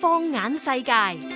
放眼世界。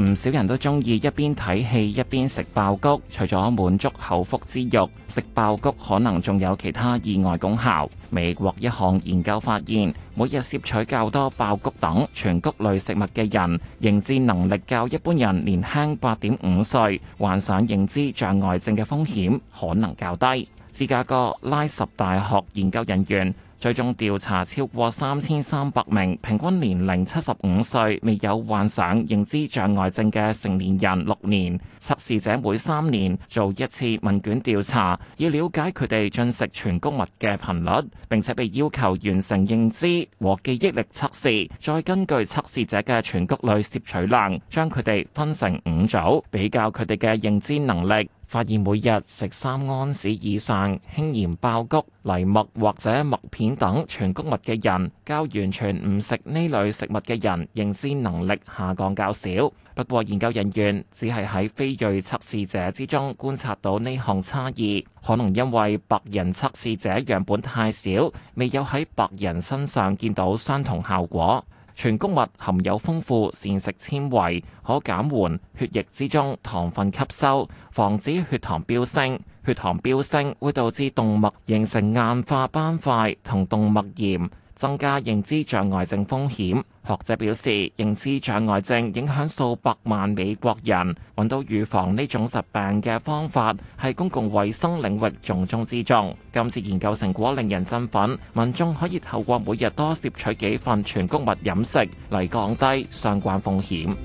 唔少人都中意一邊睇戲一邊食爆谷，除咗滿足口腹之欲，食爆谷可能仲有其他意外功效。美國一項研究發現，每日攝取較多爆谷等全穀類食物嘅人，認知能力較一般人年輕八點五歲，患上認知障礙症嘅風險可能較低。芝加哥拉什大學研究人員。最終調查超過三千三百名平均年齡七十五歲、未有患上認知障礙症嘅成年人六年，測試者每三年做一次問卷調查，要了解佢哋進食全穀物嘅頻率，並且被要求完成認知和記憶力測試，再根據測試者嘅全穀類攝取量，將佢哋分成五組，比較佢哋嘅認知能力，發現每日食三安士以上輕鹽爆谷、藜麥或者麥片等全穀物嘅人，較完全唔食呢類食物嘅人，認知能力下降較少。不過研究人員只係喺非裔測試者之中觀察到呢項差異，可能因為白人測試者樣本太少，未有喺白人身上見到相同效果。全穀物含有豐富膳食纖維，可減緩血液之中糖分吸收，防止血糖飆升。血糖飆升會導致動脈形成硬化斑塊同動脈炎，增加認知障礙症風險。學者表示，認知障礙症影響數百萬美國人，揾到預防呢種疾病嘅方法係公共衛生領域重中之重。今次研究成果令人振奮，民眾可以透過每日多攝取幾份全穀物飲食嚟降低相關風險。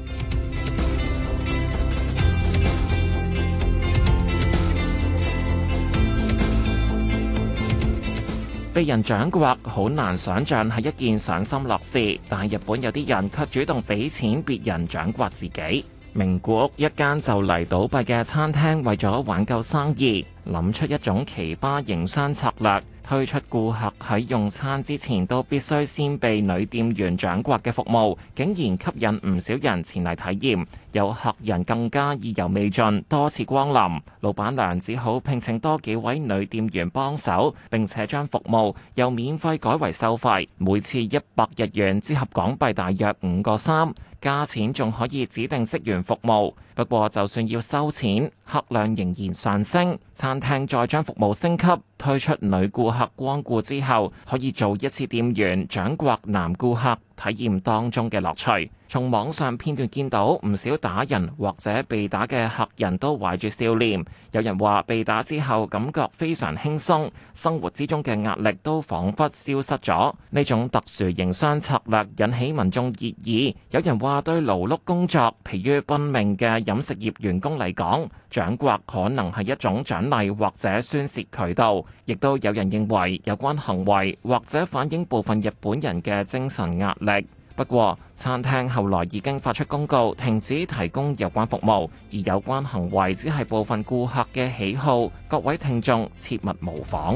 被人掌摑，好難想象係一件賞心樂事。但係日本有啲人卻主動俾錢別人掌摑自己。名古屋一間就嚟倒閉嘅餐廳，為咗挽救生意，諗出一種奇葩營商策略。推出顧客喺用餐之前都必須先被女店員掌摑嘅服務，竟然吸引唔少人前嚟體驗，有客人更加意猶未盡，多次光臨。老闆娘只好聘請多幾位女店員幫手，並且將服務由免費改為收費，每次一百日元，折合港幣大約五個三。加錢仲可以指定職員服務，不過就算要收錢，客量仍然上升。餐廳再將服務升級，推出女顧客光顧之後，可以做一次店員掌摑男顧客。體驗當中嘅樂趣。從網上片段見到唔少打人或者被打嘅客人都懷住笑臉，有人話被打之後感覺非常輕鬆，生活之中嘅壓力都仿佛消失咗。呢種特殊營商策略引起民眾熱議，有人話對勞碌工作疲於奔命嘅飲食業員工嚟講，掌摑可能係一種獎勵或者宣泄渠道。亦都有人認為有關行為或者反映部分日本人嘅精神壓力。不過，餐廳後來已經發出公告，停止提供有關服務，而有關行為只係部分顧客嘅喜好，各位聽眾切勿模仿。